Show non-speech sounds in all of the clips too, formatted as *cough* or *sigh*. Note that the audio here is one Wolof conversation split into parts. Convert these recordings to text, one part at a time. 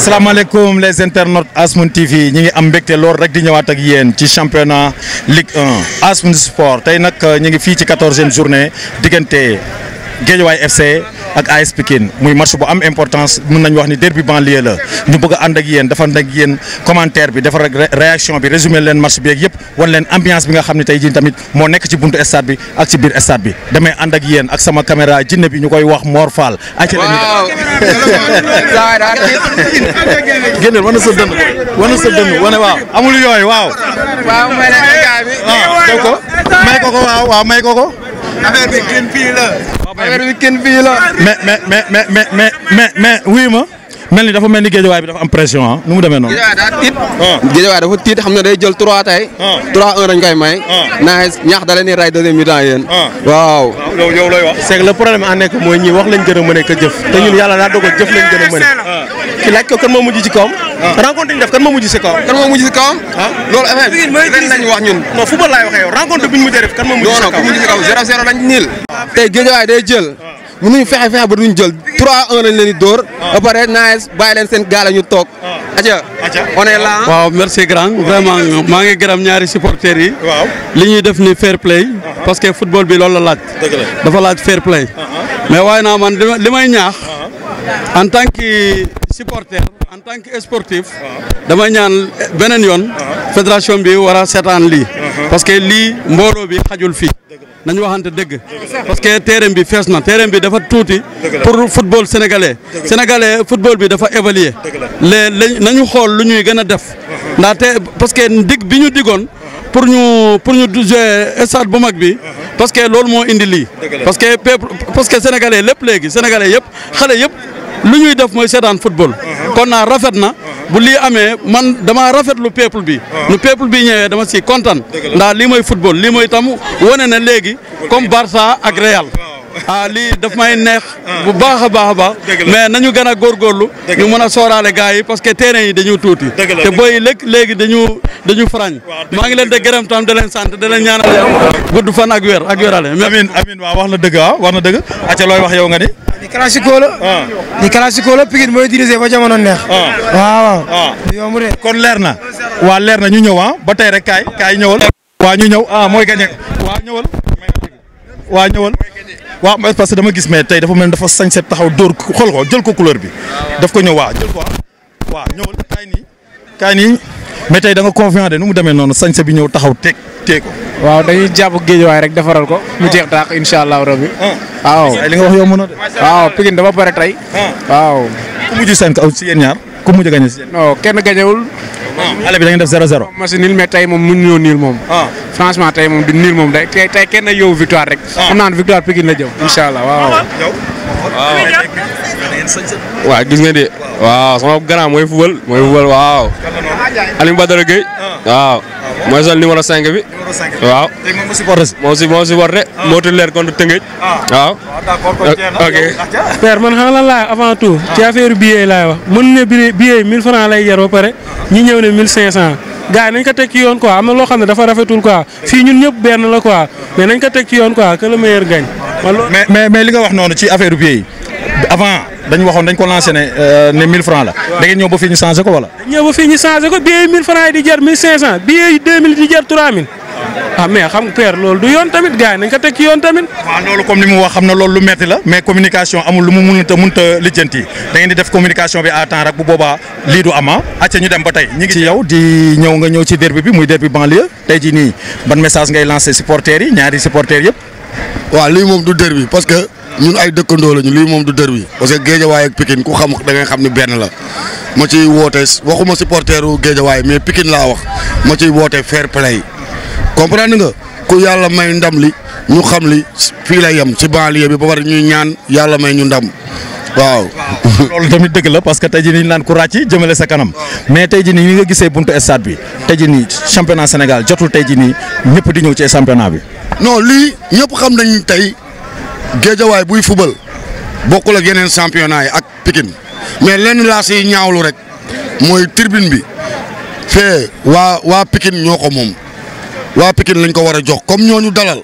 asalaamaaleykum les internautes Asmoon TV ñi ngi am mbégte lool rek di ñëwaat ak yéen ci championnat Ligue 1 Asmoon Sport tey nag ñu ngi fii ci quatorzième journée diggante Guédiawaye FC. ak AS Pikine muy match bu am importance mën nañu wax ni derby banlieue la ñu bëgg a ànd ak yéen defar ak yéen commentaire bi defar ak bi résumé leen match bi ak yëpp wan leen ambiance bi nga xam ne tey jii tamit moo nekk ci buntu stade bi ak ci biir stade bi damay ànd ak yéen ak sama caméra jinne bi ñu koy wax Mor Fall. waaw *laughs* génneel wane sa dënn wane sa dënn wane waaw amul yooyu waaw. Ah, may ko ko. affaire bi kenn fii la. affaire bi kenn fii la. mais mais mais mais mais mais mais mais wuyu ma. mel ni dafa mel ni géejawaay bi dafa am pression ah. nu mu demee noonu. géejawaay daa tiit. Ah. dafa tiit xam na day jël 3 tey. 3-1 dañ may. Ah. naa ñaax da leen di ray deuxième mi-temps yéen. waaw. loolu yow looy wax. le problème en nekk mooy ñi wax lañ gën a mën a jëf. te ñun yàlla daa dogal jëf lañ gën a mën a. ki laaj ko kan moo mujj ci kawam. Ah. rencontre ñu def kan moo mujj si kawam. kan moo mujj si kawam. Ah. loolu affaire bi rencontre bi ñu mujj a def kan moo mujj si kawam. non non ku mujj si kawam zéro zéro lañ niil. Ah. tey géejawaay day jël. mënuñu fexe fexe ba duñ jël 3-1 ba pare naa bàyyi leen seen gaal ñu toog. atia on est là. waaw merci grand vraiment maa ngi gërëm ñaari supporters yi. waaw li ñuy def ni fair play. parce que football bi loolu la laaj. dafa laaj fair play. mais waaye naa man li may ñaax. en tant que supporter. en tant que sportif. dama ñaan beneen yoon. fédération bi war a seetaan lii. parce que lii mbooloo bi xajul fii. nañu waxante dégg parce que terrain bi fees na terrain bi dafa tuuti. pour football sénégalais. sénégalais football bi dafa évaluer léegi nañu xool lu ñuy gën a def. ndaxte parce que dig bi ñu digoon. pour ñu pour ñu jouer stade bu mag bi. parce que loolu moo indi lii. parce que parce que sénégalais lépp léegi sénégalais yëpp xale yëpp. lu ñuy def mooy seetaan football uh-huh. kon naa rafet na uh-huh. bu lii amee man dama lu peuple bi uh-huh. nu peuple bi ñëwee dama si kontaan ndax lii mooy football lii mooy tam wane na léegi comme barsa ak Real ah lii daf may neex. bu baax a baax a baax. mais nañu gën a góorlu ñu mën a sooraale gars yi parce que terrain yi dañu tuuti. te booy yi léegi léegi dañu dañu farañ. maa ngi leen di gërëm tam di leen sant di leen ñaanal gudd fan ak wér ak wérale. amiin amiin waaw wax na dëgg waaw wax na dëgg. acca looy wax yow nga ni. di classico la. Ah. di classico la Pikine mooy dirigé ba jamono neex. Ah. waaw waaw. Ah. yomb de. kon leer na. waa leer na ñu ñëw ah ba tey rek kaay kaay ñëwal. waa ñu ñëw ah mooy gagné waa ñëwal waa ñëwal waaw parce que dama gis mais tey dafa mel dafa sañ set taxaw dóor xool ko jël ko couleur bi. daf ko ñëw waaw jël ko waaw ñëwal kaay nii kaay nii mais tey da nga confiant de nu mu demee noonu sañse bi ñëw taxaw teg teg ko. waaw dañuy jàpp géej waay rek defaral ko. mu ah. jeex dàq incha allah rabbi. Ah. waaw li nga wax yow mën a de. waaw Pikine dafa pare tey. Ah. waaw. ku mujj seen kaw si yéen ñaar ku mujj gañe si yéen. kenn gañewul Ah. xale bi da ngeen def zéro zéro ma si nil mais tey moom mënuñoo niil moom ah. franchement tey moom du niil moom day tey tey kenn yow victoire rek ah. xam naa ne victoire Pikine la jëm incha waaw waaw gis nga de waaw sama grand mooy fubal mooy fubal waaw Aliou Badara Gueye waaw mooy sol numéro 5 bi. numéro 5 bi waaw. léegi si. moo si moo supporté. Ah. moo tudd leer contre waaw ah. ah. d'accord man xam la laa avant tout. ci bi billet laay wax mën ne billet billet 1000 francs lay jar ba pare ñi ñëw ne mille 1500. cent yi nañ ko teg ci yoon ko am na loo xam ne dafa rafetul quoi fii ñun ñëpp benn la ko mais nañ ko teg ci yoon ko que le meilleur gagne. mais mais li nga wax noonu ci affaire bi yi avant. dañ waxoon dañ ko lancé ne euh, ne francs la. da ngeen ñëw ba fii ñu changé ko wala. ñëw ba fii ñu changé ko billet yi 1000 francs yi di jar 1500 billet yi 2000 di jar 3000. ah mais xam nga père loolu du yoon tamit gars yi teg ci yoon tamit. loolu comme ni mu wax xam na loolu lu metti la mais communication amul lu mu mënut a mënut a lijjanti da def communication bi à temps rek bu boobaa lii du ama ah. acca ñu dem ba tey. ñu ngi ci yow di ñëw nga ñëw ci derby yëpp. waaw lii ñun ay dëkkandoo lañu lii moom du dër wi parce que géejawaay ak Pikine ku xam da xam ni benn la ma ciy woote waxuma supporteru géejawaay mais Pikine laa wax ma ciy woote fair play comprendre nga ku yàlla may ndam li ñu xam li fii la yem ci banlieue bi ba war ñuy ñaan yàlla may ñu ndam waaw. *laughs* loolu tamit dëgg la parce que tey ji nii naan ku ràcc jëmale sa kanam mais tey jii nii ni nga gisee buntu stade bi tey jii nii championnat Sénégal jotul tey jii nii ñëpp di ñëw ci championnat bi. géejawaay buy fubal bokkul ak yeneen championnat yi ak Pikine mais lenn laa si ñaawlu rek mooy tirbine bi fee waa waa Pikine ñoo ko moom waa Pikine lañ ko war a jox comme ñooñu dalal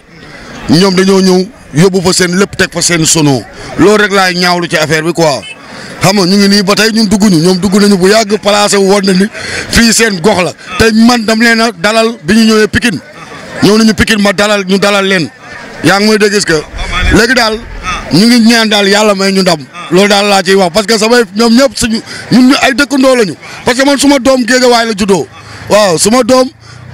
ñoom dañoo ñëw yóbbu fa seen lépp teg fa seen sono loolu rek laay ñaawlu ci affaire bi quoi xam nga ñu ngi nii ba tey ñun dugguñu ñoom dugg nañu bu yàgg placé wu woon na ni fii seen gox la te man dam leen dalal bi ñu ñëwee Pikine ñëw nañu Pikine ma dalal ñu dalal leen yaa ngi mooy dégg est légui dal ñu ngi ñaan dal yalla may ñu ndam lool dal la ci wax parce que sama ñom ñep suñu ñun ay dekkando lañu parce que man suma dom gege way la juddo waaw suma dom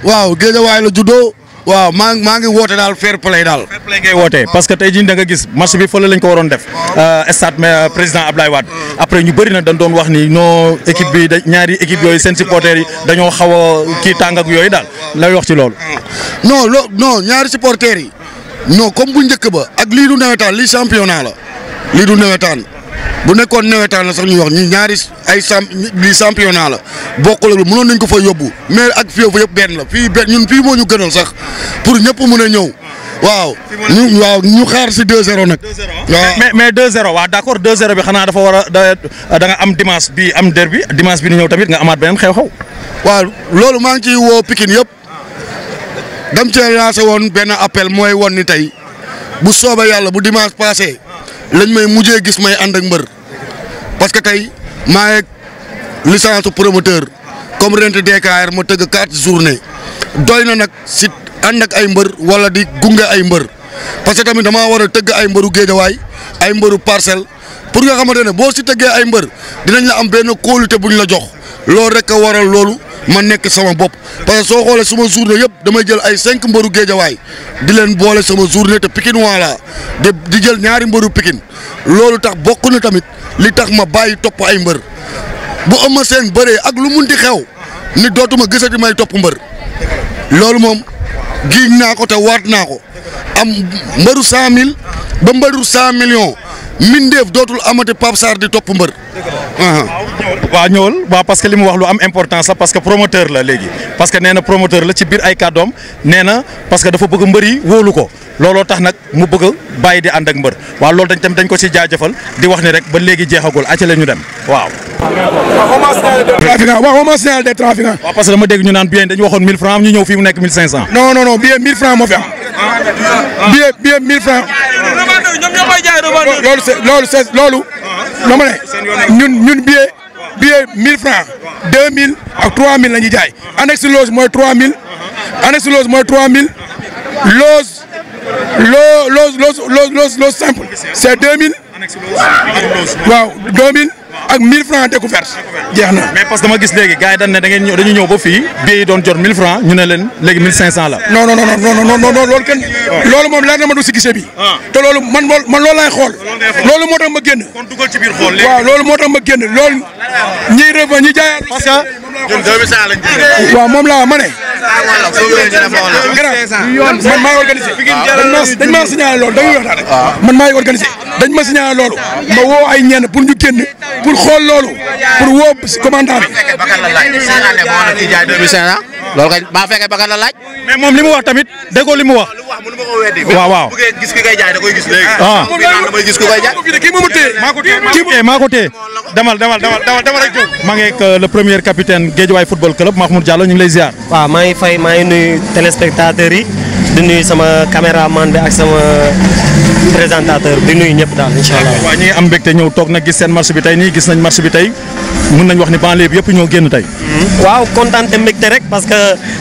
waaw gege way la juddo waaw ma ma ngi wote dal fair play dal fair play ngay wote parce que tay ji da nga gis match bi feul lañ ko waron def euh stade euh, président Abdoulaye wad après ñu bari na dañ doon wax ni no équipe bi ñaari équipe yoy sen supporter yi dañoo xawa ki tang ak yoy dal lay wax ci lool non non ñaari supporter yi non comme bu njëkk ba ak lii du nawetaan lii championnat la lii du nawetaan bu nekkoon nawetaan la sax ñuy wax ñu ñaari ay sam lii championnat la bokkul ak mënoon nañ ko fa yóbbu mais ak fii fa yëpp benn la fii benn ñun fii moo ñu gënal sax pour ñëpp mën a ñëw. waaw ñu waaw ñu xaar si 2-0 nag. mais mais 2-0 waaw d' accord 2-0 dafa war da danga am dimanche bi am derby dimanche bi nu ñëw tamit nga amaat beneen xew-xew. waaw loolu maa ngi ci woo pikin yëpp. dam cee lancé woon benn appel mooy woon ni tey bu soobee yàlla bu dimanche passé lañ may mujjee gis may ànd ak mbër parce que tey maa ngi licence promoteur comme rent DKR ma tëgg quatre journée doy na nag si ànd ak ay mbër wala di gunge ay mbër parce que tamit damaa war a tëgg ay mbëru géejawaay ay mbëru parcelle pour nga xamante ne boo si tëggee ay mbër dinañ la am benn kóolute bu ñu la jox loolu rek a waral loolu ma nekk sama bopp parce que soo xoolee sama journée yëpp damay jël ay cinq mbëru géejawaay di leen boole sama journée te Pikine wala di jël ñaari mbëru pikin loolu tax bokk na tamit li tax ma bàyyi topp ay mbër bu ëmma seen bëree ak lu mun di xew ni dootuma gisati may topp mbër loolu moom giñ naa ko te waat naa ko am mbeuru 100000 mille ba mbaru cent millions mindeef dotul amati pap sar di top mbeur wa ñëwal wa parce que limu wax lu am importance la parce que promoteur la léegi parce que nee promoteur la ci bir ay kàddoom nee parce que dafa bëgg mbeuri wolu ko lolo tax nak mu bëgg a di and ak mbeur wa lolo dañ tam dañ ko ci jaajeufal di wax ni rek ba léegi jeexagul acca la ñu dem waaw. waaw ma naa des trafiquants. waaw parce que dama dégg ñu naan bien dañu waxoon 1000 francs ñu ñëw fii mu nekk 1500. non non non. non billet 1000 francs moo fi am. billet billet 1000 francs. ñoom ñoo koy jaay loolu c'est loolu c'est loolu. loo ma ne ñun ñun billet. billet 1000 francs 2000 ak 3000 la ñuy jaay annexe loge mooy 3000. annexe loge mooy 3000. loge loo loge loge loge loge simple c'est 2000. waaw 2000. ak 1000 francs découverte jeex na. mais parce gis léegi gars yi ne da ngeen ba fii billets yi doon jot 1000 francs ñu ne leen léegi 1500 la. non non non non non non loolu kenn. Ah. loolu moom leer na ma du si gisee bi. Ah. te loolu man loolu laay loolu ma génn. waaw loolu moo tax ma génn loolu. ñiy rëbb ñi jaayaat parce que. ñun 2000 lañ jëlee. moom laa ma ne. Ah, man maay organisé. dañ maa signalé loolu dañuy wax daal ah. man maay organisé dañ ma signalé loolu. ma woo ay ñenn pour ñu génn pour xool loolu pour woo commandant bi. lool kay maa fekkee ba nga la laaj. mais moom li mu wax tamit déggoo li mu wax. waaw waaw. gis ki koy jaay da koy gis léegi. ah gis ku koy jaay. kii moomu téye maa ko téye maa ko téye demal demal demal demal ak maa ngi ak euh, le premier capitaine Guédiawaye football club Mahmoud Diallo ñu ngi lay ziar. waaw maa ngi fay maa ngi nuyu téléspectateurs yi. di nuyu sama caméraman bi ak sama présentateur di nuyu ñëpp daal incha allah. waaw ñi am mbégte ñëw toog nag gis seen marché bi tey nii gis nañ marche bi tey mën nañ wax ni banlieue bi yëpp ñoo génn tey. Hmm. waaw kontaan te mbégte rek parce que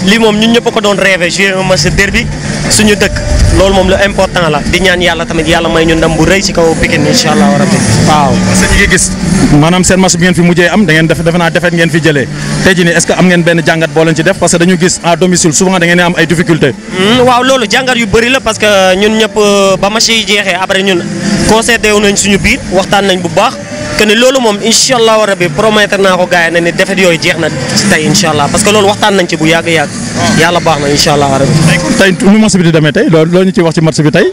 lii moom ñun ñëpp ko doon rêvé jouer un match derby suñu dëkk loolu moom lu important la di ñaan yàlla tamit yàlla may ñu ndam bu rëy ci kaw Pikine incha rabbi waaw. parce que ñu gis. manam sen match bi ngeen fi mujjee am da ngeen def defena naa defet ngeen fi jëlee tey jii nii est-ce que am ngeen ben jangat bo len ci def parce que dañu gis à domicile souvent da ngeen am ay difficulté hmm, waaw lolu jangat yu bëri la parce que ñun ñëpp euh, ba ma ci jeexee après ñun concédé wu nañ suñu biir waxtaan nañ bu baax que ne lolu mom inshallah rabbi rabi promettre naa ko gaay na ni defet yoy jeex na ci tey parce que lolu waxtaan nañ ci bu yag yag ah. yalla baax na incha allah rabi. tey nu bi di demee tay loo ñu ci wax ci match bi tay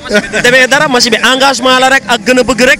demee dara match bi engagement la rek ak gëna bëgg rek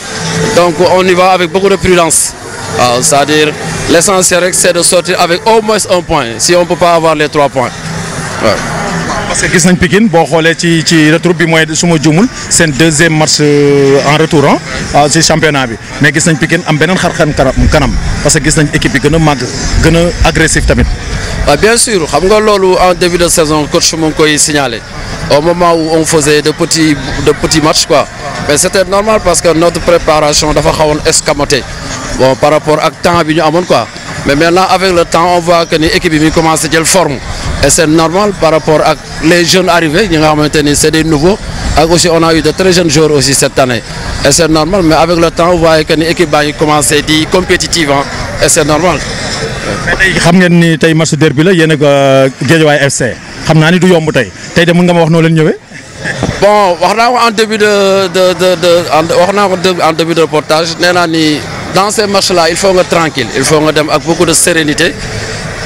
Donc on y va avec beaucoup de prudence. Ah, c'est-à-dire, l'essentiel c'est de sortir avec au moins un point, si on ne peut pas avoir les trois points. parce que gis Pikin, Pikine boo ci retour bi la deuxième match euh, en retour à hein, ah, championnat mais gis Pikin, Pikine am beneen xar parce que est équipe agressive. Ah, bien sûr xam nga en début de saison coach signalé au moment où on faisait de petits de petits matchs quoi mais ben, c'était normal parce que notre préparation dafa xawoon escamoté bon par rapport au temps bi ñu quoi mais maintenant avec le temps on voit que l'équipe équipe bi à commencé jël forme et c'est normal par rapport aux les jeunes arrivés ñi nga xamante c'est des nouveaux aussi on a eu de très jeunes joueurs aussi cette année et c'est normal mais avec le temps on voit que l'équipe équipe commence à compétitive hein. et c'est normal. mais tey xam ngeen ni tey match derby la yéen ak euh, Guédiawaye FC xam naa ni du yomb tey tey de que nga ma wax noo leen ñëwee bon on en début de de de en début de reportage dans ces matchs là il faut être tranquille il faut être avec beaucoup de sérénité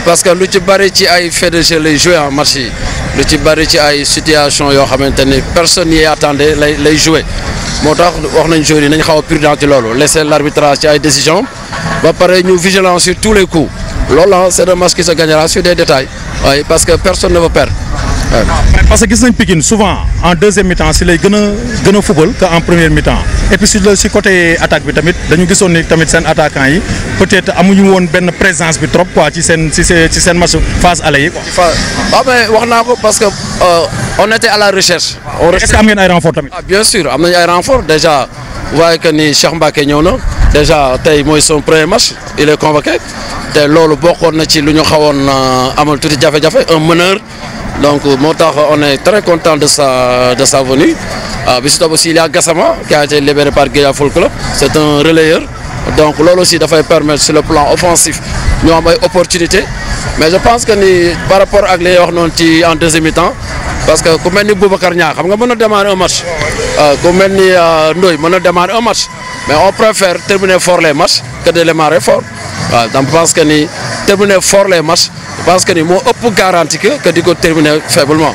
parce que lu ci bëri ci fait de jeu en match Le lu ci bëri ci ay situation personne n'y attendait les les jouer on a une nañ on xaw a prudent laisser l'arbitrage arbitrage ci décision ba pareil, ñu sur tous les coups C'est un match qui se gagnera sur des détails parce que personne ne veut perdre euh, parce que gis nañ Pikine souvent en deuxième mi-temps si lay gën a gën a que en première mi-temps et puis si le côté attaque bi tamit dañu gisoon ni tamit seen attaquant yi peut-être amuñu woon benn présence bi trop quoi ci seen ci seen match phase aller yi quoi. waaw mais wax naa parce que euh, on était à la recherche. on est-ce que am ay renfort tamit. ah bien sûr am a ay renfort déjà voyez que ni Cheikh Mbacké ñëw déjà tey mooy son premier match il est convoqué te loolu bokkoon na ci lu ñu xawoon euh, amal tuuti jafe un meneur. Donc Montar, on est très content de sa, de sa venue. Ah, il y a Gassama qui a été libéré par Guilla Full Club. C'est un relayeur. Donc là aussi, il va permettre sur le plan offensif, nous avons une opportunité. Mais je pense que par rapport à les en deuxième temps, parce que comme nous Boubacar Nia, on peut un match. comme nous nous on un match. Mais on préfère terminer fort les matchs que de démarrer fort. Ah, donc je pense que nous, terminer fort les matchs, parce que ni moo ëpp garanti que que di terminer faiblement.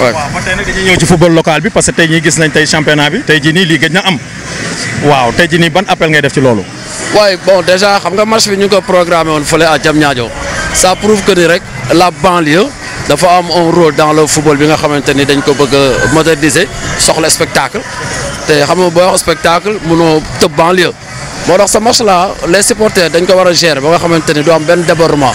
waaw ba tey nag dañuy ñëw ci football local bi parce que tey ñii gis nañ tey championnat bi. tey jii nii lii gëj na am. waaw tey jii nii ban appel ngay def ci loolu. waaye bon déjà xam nga match bi ñu ko programmé woon fële à Diamniadio ça prouve que ni rek la banlieue dafa am un rôle dans le football bi nga xamante ni dañ ko bëgg a moderniser soxla spectacle te xam nga boo wax spectacle mënoo te banlieue moo tax sa match là les supporters dañ ko war a gérer ba nga xamante ni du am benn débordement.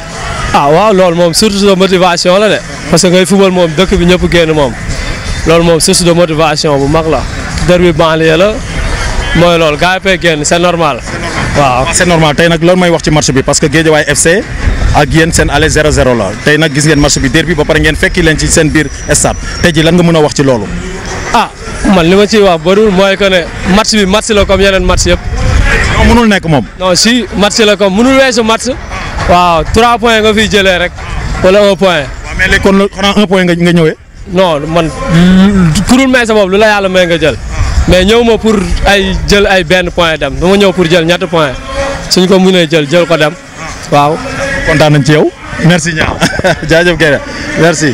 ah waaw loolu moom source de motivation la de parce que ngay football moom dëkk bi ñëpp génn moom loolu moom source de motivation bu mag la derby banlieue la mooy loolu gars yi fay génn c'est normal waaw. Ah, c'est normal tey nag loolu may wax ci match bi parce que Guédiawaye FC ak yéen seen aller 0-0 la tey nag gis ngeen match bi derby ba pare ngeen fekki leen ci seen biir stade tey ji lan nga mën a wax ci loolu. ah man li ma ciy wax bëriwul mooy que ne match bi match la comme yeneen match yëpp. non mënul nekk moom. non si la comme mënul weesu match. waaw 3 points nga fi jëlee rek wala 1 point. waaw mais léegi kon nga nga ñëwee. non man kurul may sa bopp lu la yàlla may nga jël mais ñëw ma pour ay jël ay benn point dem dama ñëw pour jël ñetti point suñ ko mënee jël jël ko dem waaw. kontaan nañ ci yow. merci Niang *laughs* jaajëf Guèye merci.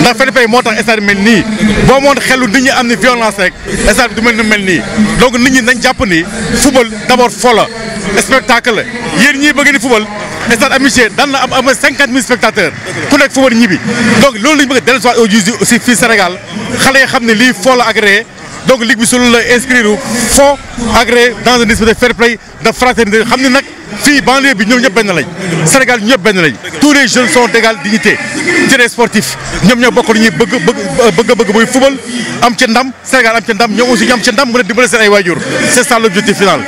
ndax Fally Faye moo tax stade bi mel nii boo moon xelu nit ñi am ni violence rek stade bi du ni mel nii donc nit ñi nañ jàpp ni football d'abord fo la spectacle la yéen ñii bëgg ni football stade amitié daan na am am cinquante mille spectateurs ku nekk football ñibi donc loolu lañ bëgg dellu si waat aussi fii Sénégal xale yi xam ne lii fo la agréé donc ligue bi su loolu la inscrire foo agréé dans un esprit de fair play de fraternité xam ne nag fii banlieue bi ñoom ñëpp benn lañ Sénégal ñëpp benn lañ tous les jeunes sont égal dignité ci sportif. sportifs ñoom ñoo bokk lu ñuy bëgg bëgg bëgg mooy football am ci ndam Sénégal am ci ndam ñoom aussi ñu am ci ndam mën a dimbale seen ay waajur c'est ça l'objectif final.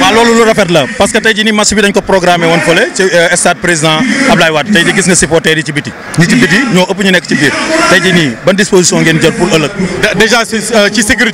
waaw loolu lu rafet la parce que tey jii nii match bi dañ ko programmé woon fële ci euh, stade président Ablaye Wade tey jii gis nga supporters yi ci biti ñi ci biti ñoo ëpp ñu nekk ci biir tey jii nii ban disposition ngeen jël pour ëllëg. déjà euh, ci sécurité.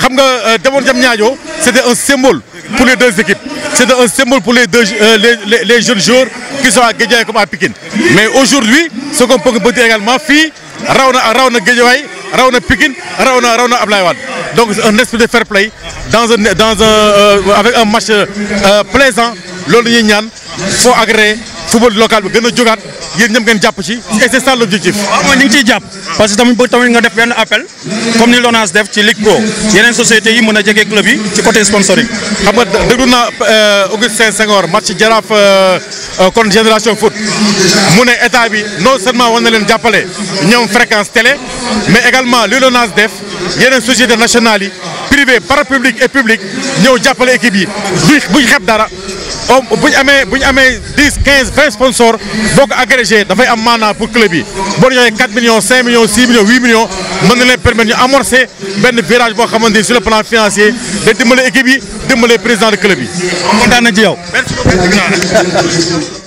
xam nga euh, c'était un symbole pour les deux équipes c'était un symbole pour les deux euh, les, jeunes joueurs qui sont à Géjaï comme à Pékin. mais aujourd'hui ce qu'on peut dire également c'est rawna rawna rawna Pikine donc un esprit de fair play dans un dans un euh, avec un match plaisant le ñi ñuy ñaan agréé football local yéen ñëpp ngeen jàpp ci et c'est ça l'objectif. waaw mooy ñu ngi ciy jàpp parce que tamit boo tamit nga def benn appel comme ni LONASE def ci Ligue Pro yeneen sociétés yi mën a jege club yi ci côté sponsoring. xam nga déglu naa euh, Augustin Senghor match Jaraaf kon euh, euh, génération foot mu ne état bi non seulement war na leen jàppale ñoom fréquence télé mais également li LONASE def yeneen sociétés national yi privé parapublic et public ñëw jàppale équipe yi buñ buñ Vous avez 10, 15, 20 sponsors, vous agrégé, vous un mana pour le club. Vous avez 4 millions, 5 millions, 6 millions, 8 millions, vous les permis d'amorcer un virage sur le plan financier, de démolir l'équipe, de vous le président du club. Merci beaucoup.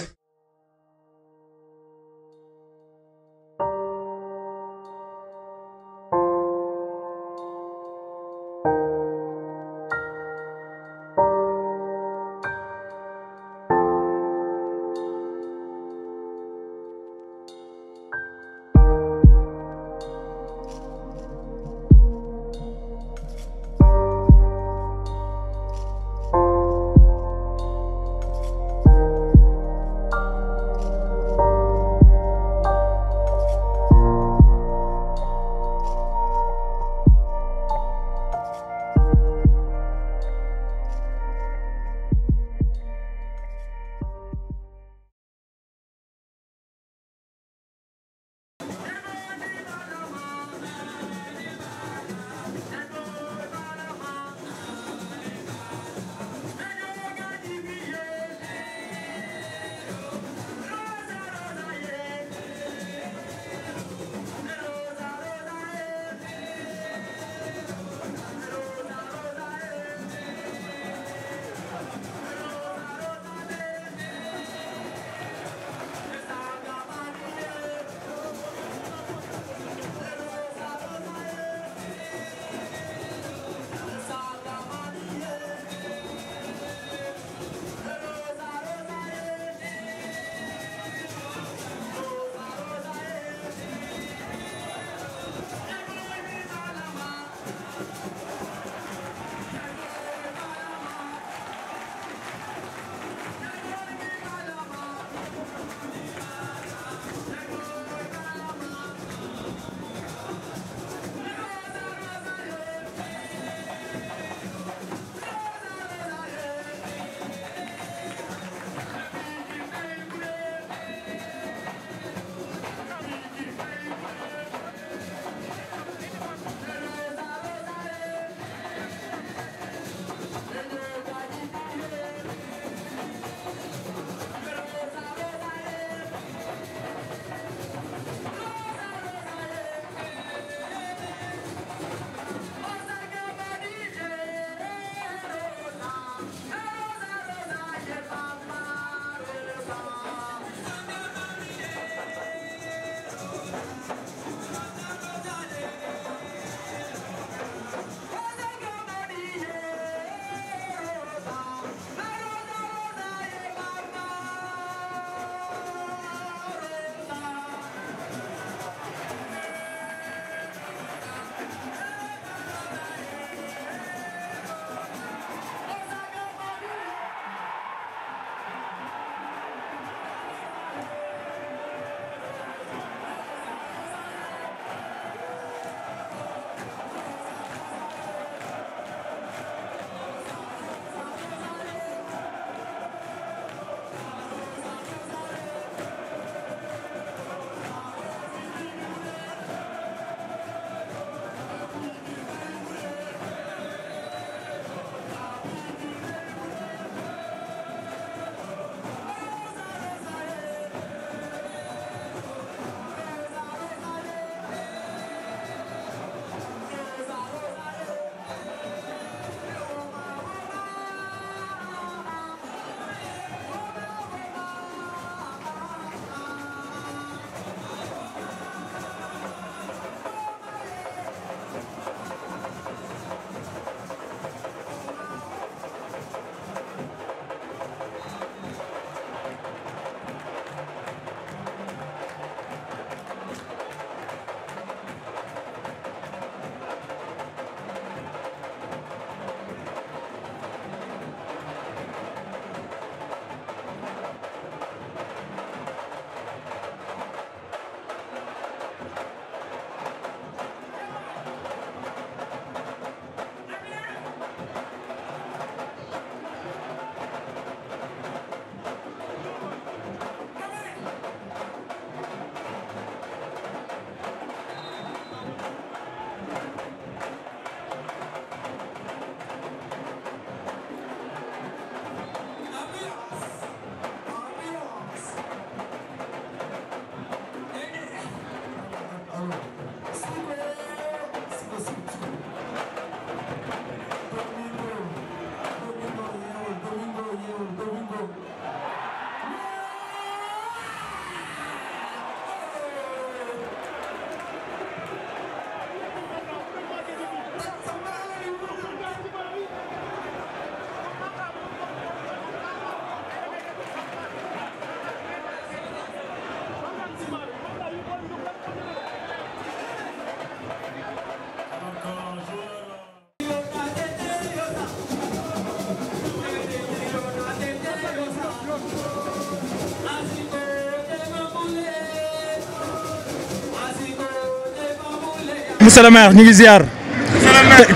monsieur le ñu ngi ziar.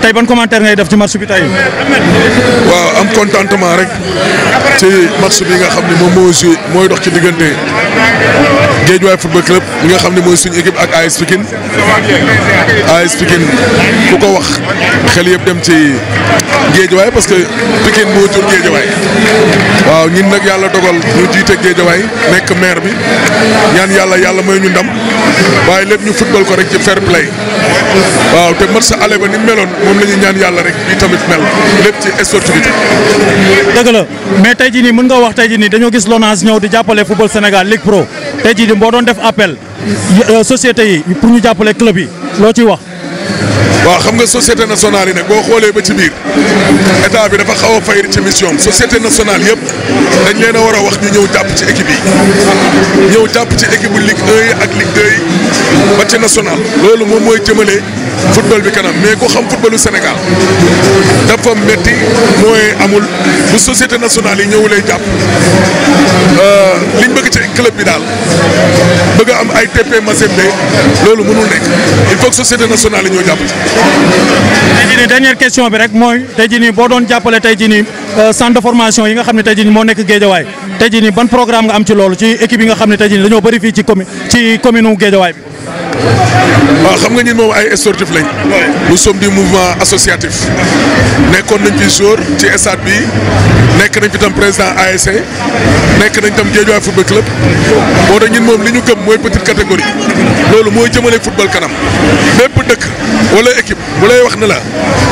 tey ban commentaire ngay def ci match bi tey. waaw am contentement rek ci match bi nga xam ne moom moo joué mooy dox ci diggante Guédiawaye football club mi nga xam ne mooy suñu équipe ak AS Pikine AS Pikine ku ko wax xel yëpp dem ci géejawaay parce que Pikine moo jur géejawaay waaw ñun nag yàlla dogal ñu jiite géejawaay nekk maire bi ñaan yàlla yàlla mooy ñu ndam waaye lépp ñu football ko rek ci fair play waaw te match aller ba ni meloon moom la ñaan yàlla rek bi tamit mel lépp ci sportivité. dëgg la mais tey jii nii mën nga wax tey ji nii dañoo gis LONASE ñëw di jàppale football Sénégal Ligue Pro tey jii nii boo doon def appel euh, société yi pour ñu jàppale club yi loo ciy wax. waaw xam nga société nationale yi nag boo xoolee ba ci biir état bi dafa xaw a fay ci mission am société nationale yëpp dañ leen a war a wax ñu ñëw jàpp ci équipe yi ñëw jàpp ci équipe bu Ligue 1 ak Ligue 2 yi ba ci national loolu moom mooy jëmale football bi kanam mais ku xam footballu Sénégal dafa metti mooy amul bu société nationale yi ñëwulee jàpp euh, liñ bëgg ci club bi daal bëgg a am ay TP Mazembe loolu mënul nekk il faut que nationale ñoo jàpp ci. tey jii question bi rek mooy tey boo doon jàppale tey jii nii euh, centre de formation yi nga xam ne tey jii moo nekk Géejawaay tey jii nii ban programme nga am ci loolu ci équipe yi nga xam ne tey jii nii dañoo bëri fii ci commune ci commune u Géejawaay bi. waaw xam nga ñun moom ay sportif lañ. nous sommes du mouvement associatif. nekkoon nañ fi jour ci stade bi nekk nañ fi tam président nekk nañ tam Géejawaay football club boo tax ñun moom li ñu mooy petite catégorie loolu mooy jëmale football kanam bépp dëkk wala équipe bu lay wax na la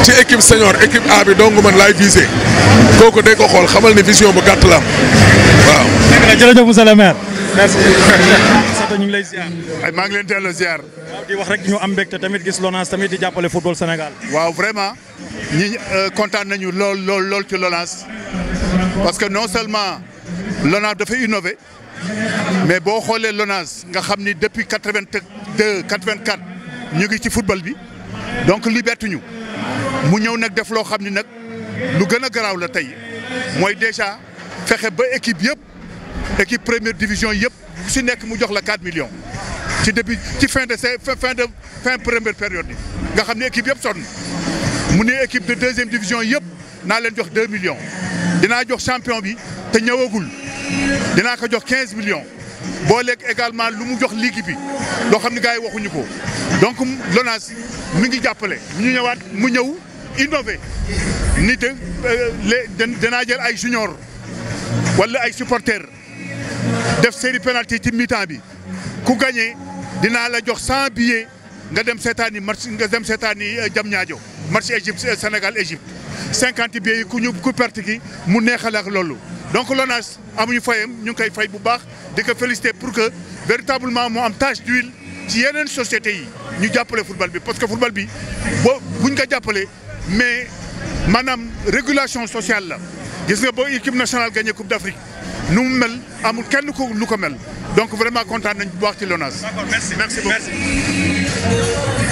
ci équipe senior équipe A bi dong man laay visé kooku day ko xool xamal ni vision bu gàtt la am waaw. jërëjëf monsieur ngi lay ziar. maa ngi leen teel a ziar. di wax rek ñu am mbégte tamit gis LONASE tamit di jàppale football Sénégal. waaw vraiment ñi euh, kontaan nañu lool lool lool ci LONASE parce que non seulement LONASE dafa innové. mais bo xolé l'onage nga xamni depuis 82 84, ñu ngi ci football bi donc libertu ñu mu ñëw nak def lo xamni nak lu gëna a la tay moy déjà fexé ba équipe yépp équipe première division yëpp ci nek mu jox la 4 millions ci début ci fin de fin de fin première période bi nga xam équipe yépp son mu ne équipe de deuxième division yépp n'a leen jox 2 millions dina jox champion bi te ñëwagul dinaa ko jox 15 millions bo lek également lu mu jox ligue bi loo xamni gaay gars yi waxuñu ko donc LONASE mi ngi jappalé ñu ñëwaat mu ñëw innové ni te euh, danaa jël ay junior wala ay supporters def série penalty ci mi-temps bi ku gagné dinaa la jox 100 billets nga dem seetaani match nga euh, Égypte euh, Sénégal Égypte 50%. billets donc amuñu fayam ñu pour que véritablement mu tâche d'huile société. football parce que football mais madame régulation sociale la gis nga l'équipe nationale coupe d'Afrique nous avons mel kenn donc vraiment kontaan nañ bu baax ci LONASE. merci merci beaucoup. Merci.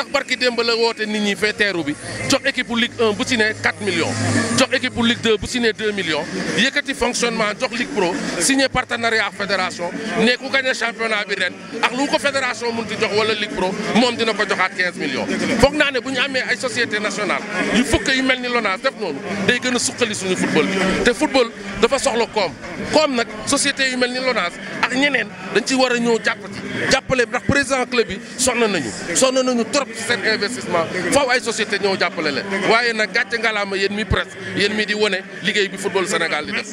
ndax barki démb la woote nit ñi fee bi jox équipe pour Ligue 1 bu ci 4 millions jox équipe pour Ligue 2 bu ci 2 millions yëkkati fonctionnement jox Ligue Pro signé partenariat la fédération né ku gagné championnat bi ren ak lu ko fédération mën ti jox wala Ligue Pro mom dina ko joxat 15 millions. foog nous né bu les sociétés ay société nationale yu fukk yu melni ni def noonu day gëna football bi té football dafa soxla comme koom nak société yu melni ni ak ñeneen dañ ci wara a ñëw jàpp ci ndax président club bi sonn nañu sonn nañu jàpp ci seen investissement faaw ay société ñëw jàppale leen waaye nag gàcce ngalaama yéen mi presse yéen mi di wone liggéey bi football Sénégal di def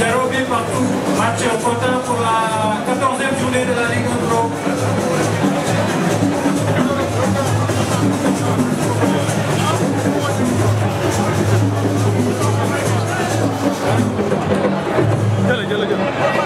0 but partout. Match important pour la 14e journée de la Ligue 1 Pro. Gel gel gel.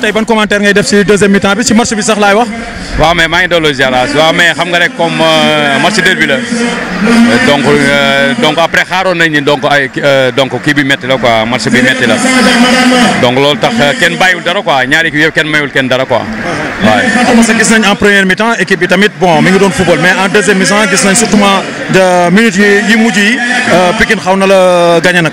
tay ban commentaire ngay def ci deuxième mi-temps bi ci match bi sax lay wax. wa mais maa ngi doon ziaraas waaw mais xam nga rek comme euh, match derby la donc euh, donc après xaaroon nañ ni donc ay euh, donc qui bi metti la quoi match bi metti la donc lol tax ken bàyyiwul dara quoi ñaari ki yëpp Ken mayul Ken dara quoi wa parce que gis nañ en première mi-temps équipe bi tamit bon mi ngi don football mais en deuxième mi-temps gis nañ surtout de minute yi mujj yi Pikine xawna la gagner nak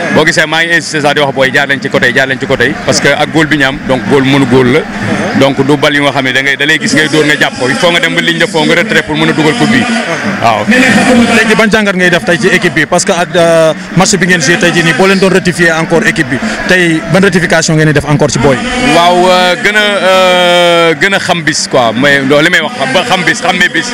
bo gisé maa ngi insister sax di wax boy jaar lañ ci côté jaar lañ ci côté parce que ak góol bi ñam donc góol mënu góol la donc du bal yi nga xam da ngay da lay gis ngay door nga japp ko il faut nga dem ba ligne de fond nga retrait pour mëna duggal dugal ko bii waaw tey ji ban jangat ngay def tay ci équipe bi parce que ak euh, match bi ngeen jé tay ji nii boo leen doon ratifier encore équipe bi tay ban ratification ngeen def encore ci boy waaw euh, gëna euh, a xam bis quoi mais li may wax xam bis xamé bis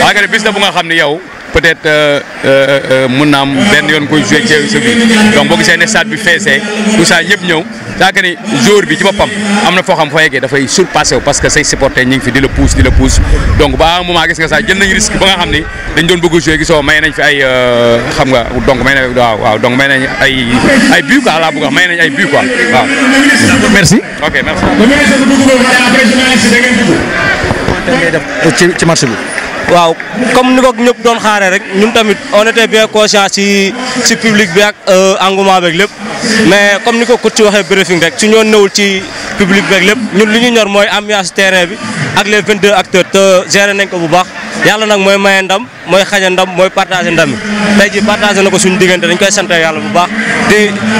waa nga bis da bu nga xam yow peut-être euh, euh, euh, mun naa am benn yoon koy joué ci sa biir donc boo gisee ne stade bi feesee tout ça ñëpp ñëw daa que ni jour bi ci boppam am na foo xam foo yeggee dafay surpassé wu parce que say supporter ñu ngi fi di la pousse di la pousse donc ba un moment nga sax jël nañ risque ba nga xam ni dañ doon bëgg a joué gisoo may nañ ay xam nga donc may nañ waaw waaw donc may nañ ay ay but quoi laa bëgg a may nañ ay but quoi waaw. merci. ok merci. ci ci marché bi. waaw comme ni ko ñëpp doon xaaree rek ñun tamit on était bien conscient ci ci public bi ak euh, engouement beeg lépp mais comme ni ko coach waxee briefing rek ci ñoon newul ci public beeg lépp ñun li ñu ñor mooy ambiance terrain bi ak les 22 acteurs te géré nañ ko bu baax. yàlla nag mooy maye ndam mooy xañe ndam mooy partagé ndam yi tey ji partagé na ko suñu diggante dañ koy sant yàlla bu baax di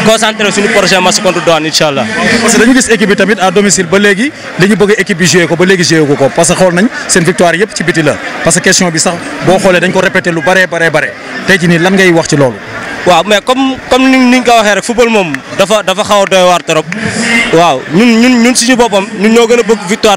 concentré suñu prochain match contre Douane incha allah. parce que dañu gis équipe bi tamit à domicile ba léegi li ñu bëgg équipe bi joué ko ba léegi joué ko parce que xool nañ seen victoire yëpp ci biti la parce que question bi sax boo xoolee dañ ko répété lu bare bare bare tey ji nii lan ngay wax ci loolu. waaw mais comme comme ni ni ko waxee rek football moom dafa a doy waar waaw ñun ñun ñun suñu boppam ñun ñoo gën a bëgg victoire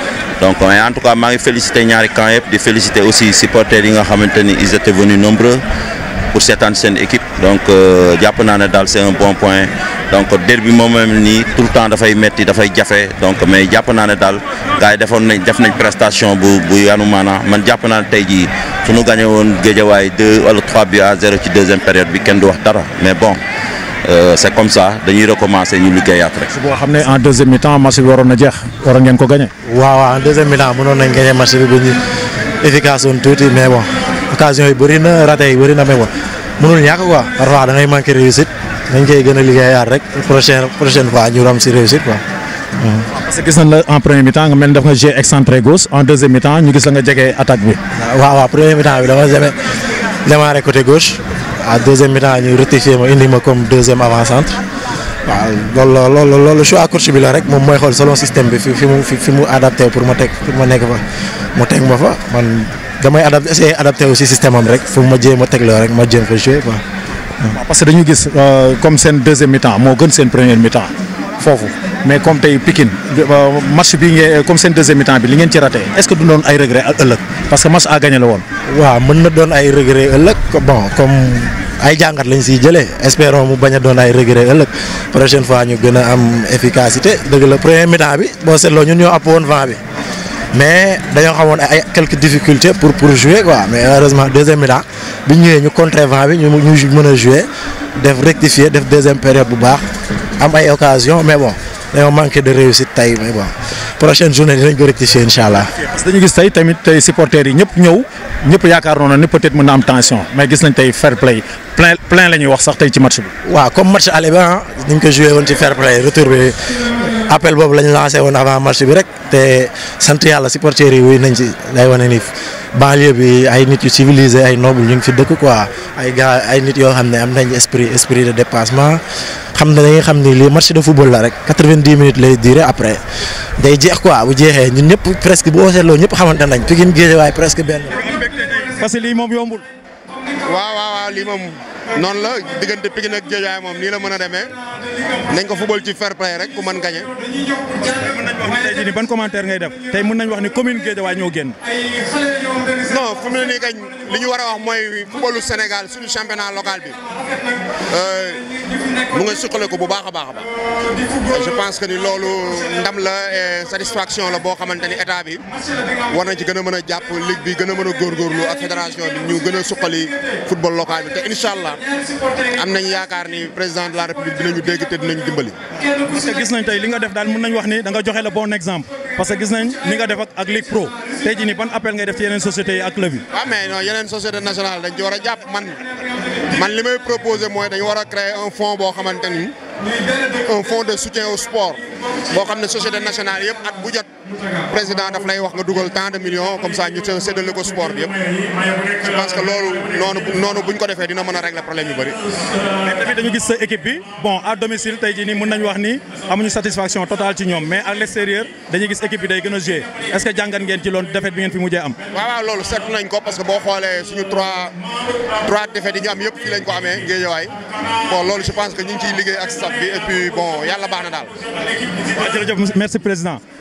donc en tout cas maa féliciter félicité ñaari camp yëpp di félicité aussi supporters yi nga xamante ils étaient venus nombreux pour cette ancienne équipe donc euh, jàpp naa ne c'est un bon point donc derby moom même ni tout le temps dafay metti dafay jafe donc mais jàpp naa ne gars yi defoon nañ def nañ prestation bu bu yanu Mais man Tegi, naa ne tey jii su deux trois buts à zéro ci deuxième période bi kenn du wax mais bon. Euh, c'est comme ça dañuy recommencer ñu liggéeyaat rek. bo xamné en deuxième mi-temps match bi waroon na jeex waroon ngeen ko gagner waaw waaw en deuxième mi-temps mënoon nañ gagner match bi bu ñu efficace woon tuuti mais bon occasion yi bëri na raté yi bëri na mais bon mënul ñàkk quoi parfois da ngay manqué réussite dañ koy gëna liguey liggéeyaat rek prochaine prochaine fois ñu ram ci réussite quoi. parce que gis nañ la en premier mi-temps nga mel ni daf nga jeu excentré gauche en deuxième mi-temps ñu gis la nga jégué attaque bi. waaw waaw premier mi-temps bi dama demee démarrer côté gauche à deuxième mi-temps ñu rectifié comme deuxième avant-centre waaw choix bi la rek système bi adapté pour ma pour ma man adapté adapté aussi système am rek a rek parce que euh, deuxième mi-temps première mi-temps foofu mais comme tay Pikine euh, match bi ngeen euh, comme c'est deuxième mi-temps bi li ngeen ci raté est-ce que du non ay regret ëllëg parce que match a gagné la won wa mën na don ay regret ëllëg bon comme ay jangat lañ ci jëlé espérons mu baña don ay regret ëllëg prochaine fois ñu gëna am efficacité deug le premier mi-temps bi boo seetloo ñun ñoo app won vent bi. mais dañoo xamone ay quelques difficultés pour pour jouer quoi mais heureusement deuxième mi-temps bi ñu ñu contre vent bi ñu ñu mëna jouer def rectifier def deuxième période bu baax eu des occasion mais bon on manque de réussite mais bon prochaine journée je vais rectifier Inch'Allah. parce que dañu que tamit les supporters yi ñëpp qui ñëpp yaakaar noonu ne peut-être tension mais fair play plein plein la ñuy wax sax tey ci match bi. waaw comme match aller bi ah ni ñu ko joué woon ci fair play retour bi appel boobu la ñu lancé woon avant match bi rek te sant yàlla supporters wuy nañ ci day wane ni banlieue bi ay nit yu civilisé ay noble ñu ngi fi dëkk quoi ay gars ay nit yoo xam ne am nañ esprit esprit de dépassement xam ne dañuy xam ni li match de football la rek quatre-vingt-dix minutes lay durer après day jeex quoi bu jeexee ñun ñëpp presque bu ooseeloo ñëpp xamante nañ Pikine Guédiawaye presque benn. parce que lii Lima noonu la diggante Pikine ak Guédiawaye moom nii la mën a demee nañ ko football ci fair play rek ku mën gañe. tey jii nii ban commentaire ngay def tey mën nañu wax ni commune Guédiawaye ñoo génn. non fu mu ne nii kañ li ñu war a wax mooy footballu Sénégal suñu championnat local bi euh, mu nga suqale ko bu baax a baax a baax je pense que ni loolu ndam la et satisfaction la boo xamante ni état bi war nañ ci gën a mën a jàpp ligue bi gën a mën a góorgóorlu ak fédération bi ñu gën a suqali football local bi te incha allah am nañ yaakaar ni président de la république dinañu dégg te dinañu dimbali. parce que gis nañ tey li nga def daal mën nañ wax ni da joxe le bon exemple parce que gis nañ ni nga def ak ak Pro tey jii nii ban appel ngay def ci yeneen sociétés yi ak club yi. waaw mais non yeneen société nationale dañ ci war a jàpp man li may proposé mooy dañu war a créer un fonds boo xamante ni un fonds de soutien au sport boo xam ne société nationale yëpp at bu jot. président daf lay wax nga dugal tant de millions comme ça ñu séddale ko sport bi yëpp je pense que loolu noonu buñ ko defee dina mën a régler problème yu bëri. mais gis sa bon à tey jii nii mën nañu wax ni amuñu a jouer est-ce que jàngat ngeen ci loolu ngeen fi mujjee am. waaw waaw loolu seetlu nañ ko parce que boo xoolee suñu trois am yëpp fii lañ amee Guédiawaye bon loolu je pense que ñu ciy liggéey ak staff bi et baax na daal. waaw merci président.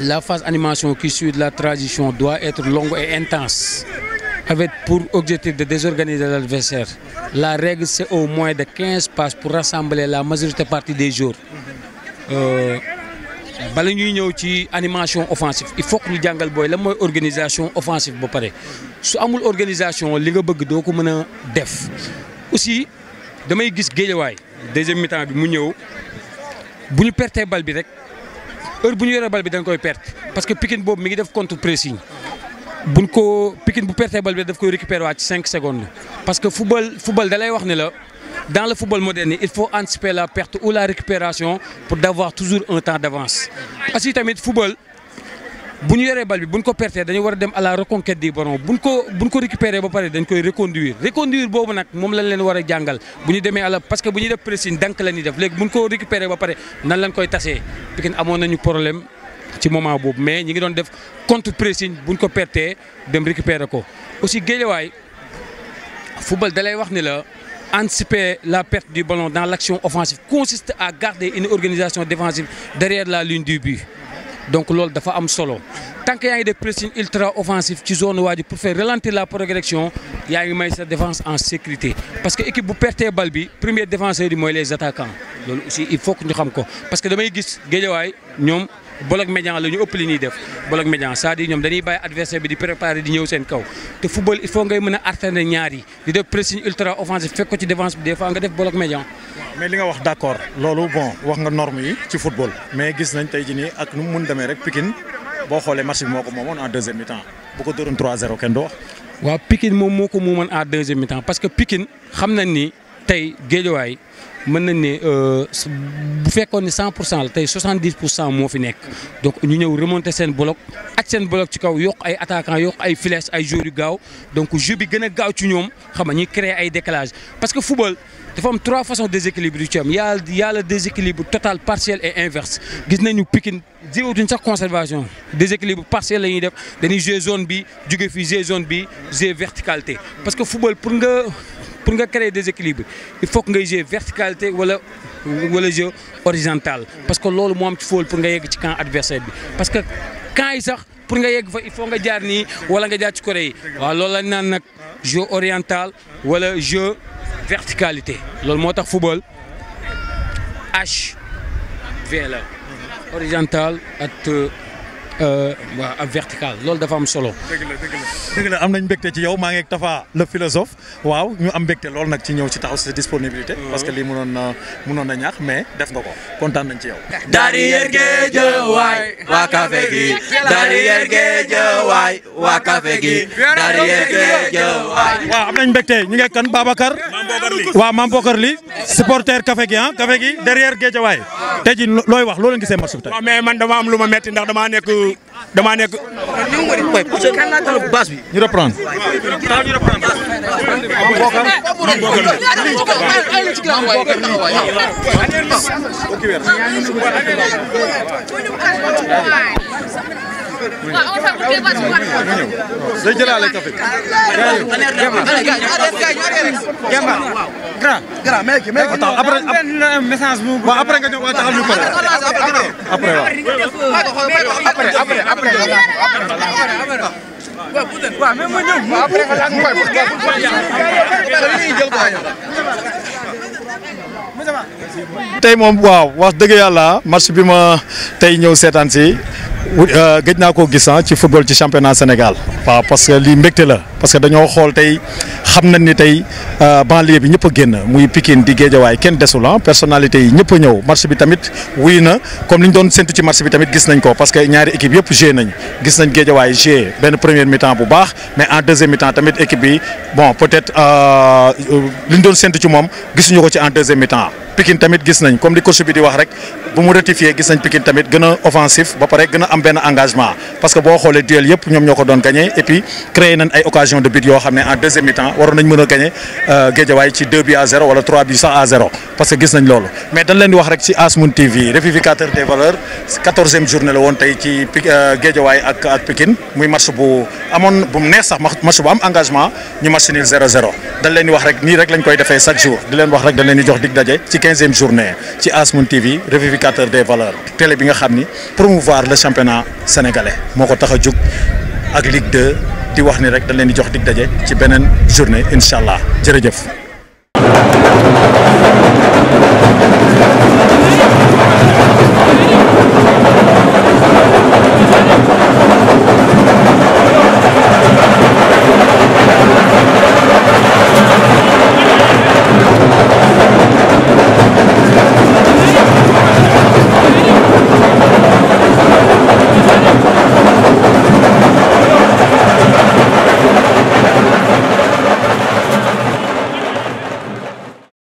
la phase animation qui suit la transition doit être longue et intense, avec pour objectif de désorganiser l'adversaire. La règle, c'est au moins de 15 passes pour rassembler la majorité partie des jours. Euh, animation offensive il faut que nous ayons boy la organisation offensive Si nous avons une organisation nous avons bëgg organisation def aussi damay gis deuxième mi-temps bi mu ñëw bu ñu heure bu ñu yoree bal bi dañ koy perte parce que Pikine bobu mi ngi def contre pressing buñ ko Pikine bu perte bal bi daf koy récupérer wa ci cinq secondes parce que football football dalay wax ni la dans le football moderne il faut anticiper la perte ou la récupération pour d'avoir toujours un temps d'avance aussi tamit football buñu ñu yoree bal bi bu ko perté dañu wara dem à la reconquête du ballon buñ ko buñ ko récupérer ba paré dañ koy reconduire reconduire bobu nak mom lañ leen wara jangal buñu démé à la parce que buñu def pressing dank lañu def légui buñ ko récupérer ba paré nan lañ koy tassé Pikine amoon nañu problème ci moment bobu mais ñi ngi doon def contre pressing buñ ko perté dem récupérer ko aussi Guédiawaye football dalay wax ni la. anticiper la perte du ballon dans l'action offensive consiste à garder une organisation défensive derrière la ligne du but donc loolu dafa am solo tant qu'il y a des pressions ultra qui sont zone wadi pour faire ralentir la progression il y a une défense en sécurité parce que l'équipe bu pertee bal bi premier défenseur est mooy les attaquants il faut que nous xam parce que damay gis nous, bloc médian la ëpp li ñuy def bloc médian c'est-à-dire ñoom dañuy bàyyi adversaire bi di préparer di ñëw seen kaw te football il faut ngay mën a alterner ñaar yi di def pressing ultra offensif fekk ko ci défense bi des fois nga def bloc médian. mais li nga wax d'accord loolu bon wax nga norme yi ci football mais gis nañ tey jii nii ak mu mun demee rek Pikine boo xoolee match bi moo ko moomoon en deuxième mi-temps bu ko dóoroon 3-0 kenn du moom moo ko moomoon en deuxième mi-temps parce que Pikine xam nañ ni tey Guédiawaye mën nañ ne 100 70 moins cent fi donc ñu ñëw remonté seen bloc ak seen bloc ci kaw yokk ay attaquant yokk ay flèches ay joueurs du gau donc jeu bi gën gau tu ci ñoom xam nga créer ay décalage parce que football dafa am trois façons déséquilibre yu ci am a le déséquilibre total partiel et inverse gis nañu Pikine jéewatuñ certaine conservation déséquilibre partiel la inverse def dañuy jouer zone bi jóge fii zone bi jouer verticalité parce que football pour nga pour nga créer des équilibres il faut que nga jouer verticalité wala wala jeu horizontal parce que lolu mo am ci fool pour nga yegg ci camp adversaire bi parce que quand yi sax pour nga yegg fa il faut nga jaar ni wala nga jaar ci côté wa lolu loolu lañ naan jeu oriental wala jeu verticalité lolu motax football H V la horizontal at euh, Euh, vertical loolu dafa am solo. dëgg la am nañ mbégte ci yow maa ngi ak Tafa le philosophe waaw ñu am mbégte loolu nag ci ñëw ci taxaw se disponibilité. Mm-hmm. parce que lii mënoon na mënoon na ñaax mais def nga ko kontaan nañ ci yow. derrière Guédiawaye waa café gi derrière Guédiawaye waa café gi am nañ mbégte ñu ngi kan baabakar Mame Bokar Ly waaw Mame Bokar supporter café gi ah café gi derrière Guédiawaye. tey looy wax loolu nga gisee match bi mais man dama am lu ma metti ndax dama nekk. damaa nekk. waaye poche base bi. ñu reprendre. ñu waaw on s'en fout débat day jëlaale café Demba grand grand mais ki mais après message mu waaw après nga ñëw wa taxal ñu pare après après après après waaw mais ma ñëw après nga laaj mu koy Te moun mou av, waz de geyal la, mou se bi moun te inyo set an ti, gèd na kou gisan, ki foupol ki chanpen nan Senegal. Paske li mbek te la. parce que dañoo xool tey xam nañ ni tey euh, banlieue bi ñëpp a génn muy Pikine di Géejawaay kenn desul ah personnalité yi ñëpp ñëw marché bi tamit wuy na comme li ñu doon séntu ci marché bi tamit gis nañ ko parce que ñaari équipe yëpp joué nañ gis nañ Géejawaay joué benn première mi-temps bu baax mais en deuxième mi tamit équipe bi bon peut-être euh, euh, li ñu doon séntu ci moom gisuñu ko ci en deuxième mi-temps tamit gis nañ comme li coach bi di wax rek. bu mu rectifier gis nañ Pikine tamit gën a offensif ba pare gën am benn engagement parce que boo xoolee duel yëpp ñoom ñoo ko doon et puis créer nañ ay occasion de but yoo xam en deuxième mi-temps waroon nañ mën a gagné euh, Guédiawaye ci 2 buts à 0 wala 3 buts à 0 parce que gis nañ loolu mais dañ leen di wax rek ci Asmoon TV révivificateur des valeurs quatorzième journée le woon tey ci euh, Guédiawaye ak ak Pikine muy match bu amoon bu mu neex sax match bu am engagement ñu match nil 0-0 dañ leen di wax rek nii rek lañ koy defee chaque jour di leen wax rek dañ leen di jox dig daje ci quinzième journée ci Asmoon TV révivificateur indicateur des valeurs télé bi nga xam ni promouvoir le championnat sénégalais moo ko tax a jóg ak Ligue de di wax ni rek dañ leen di jox dig daje ci beneen journée incha allah jërëjëf.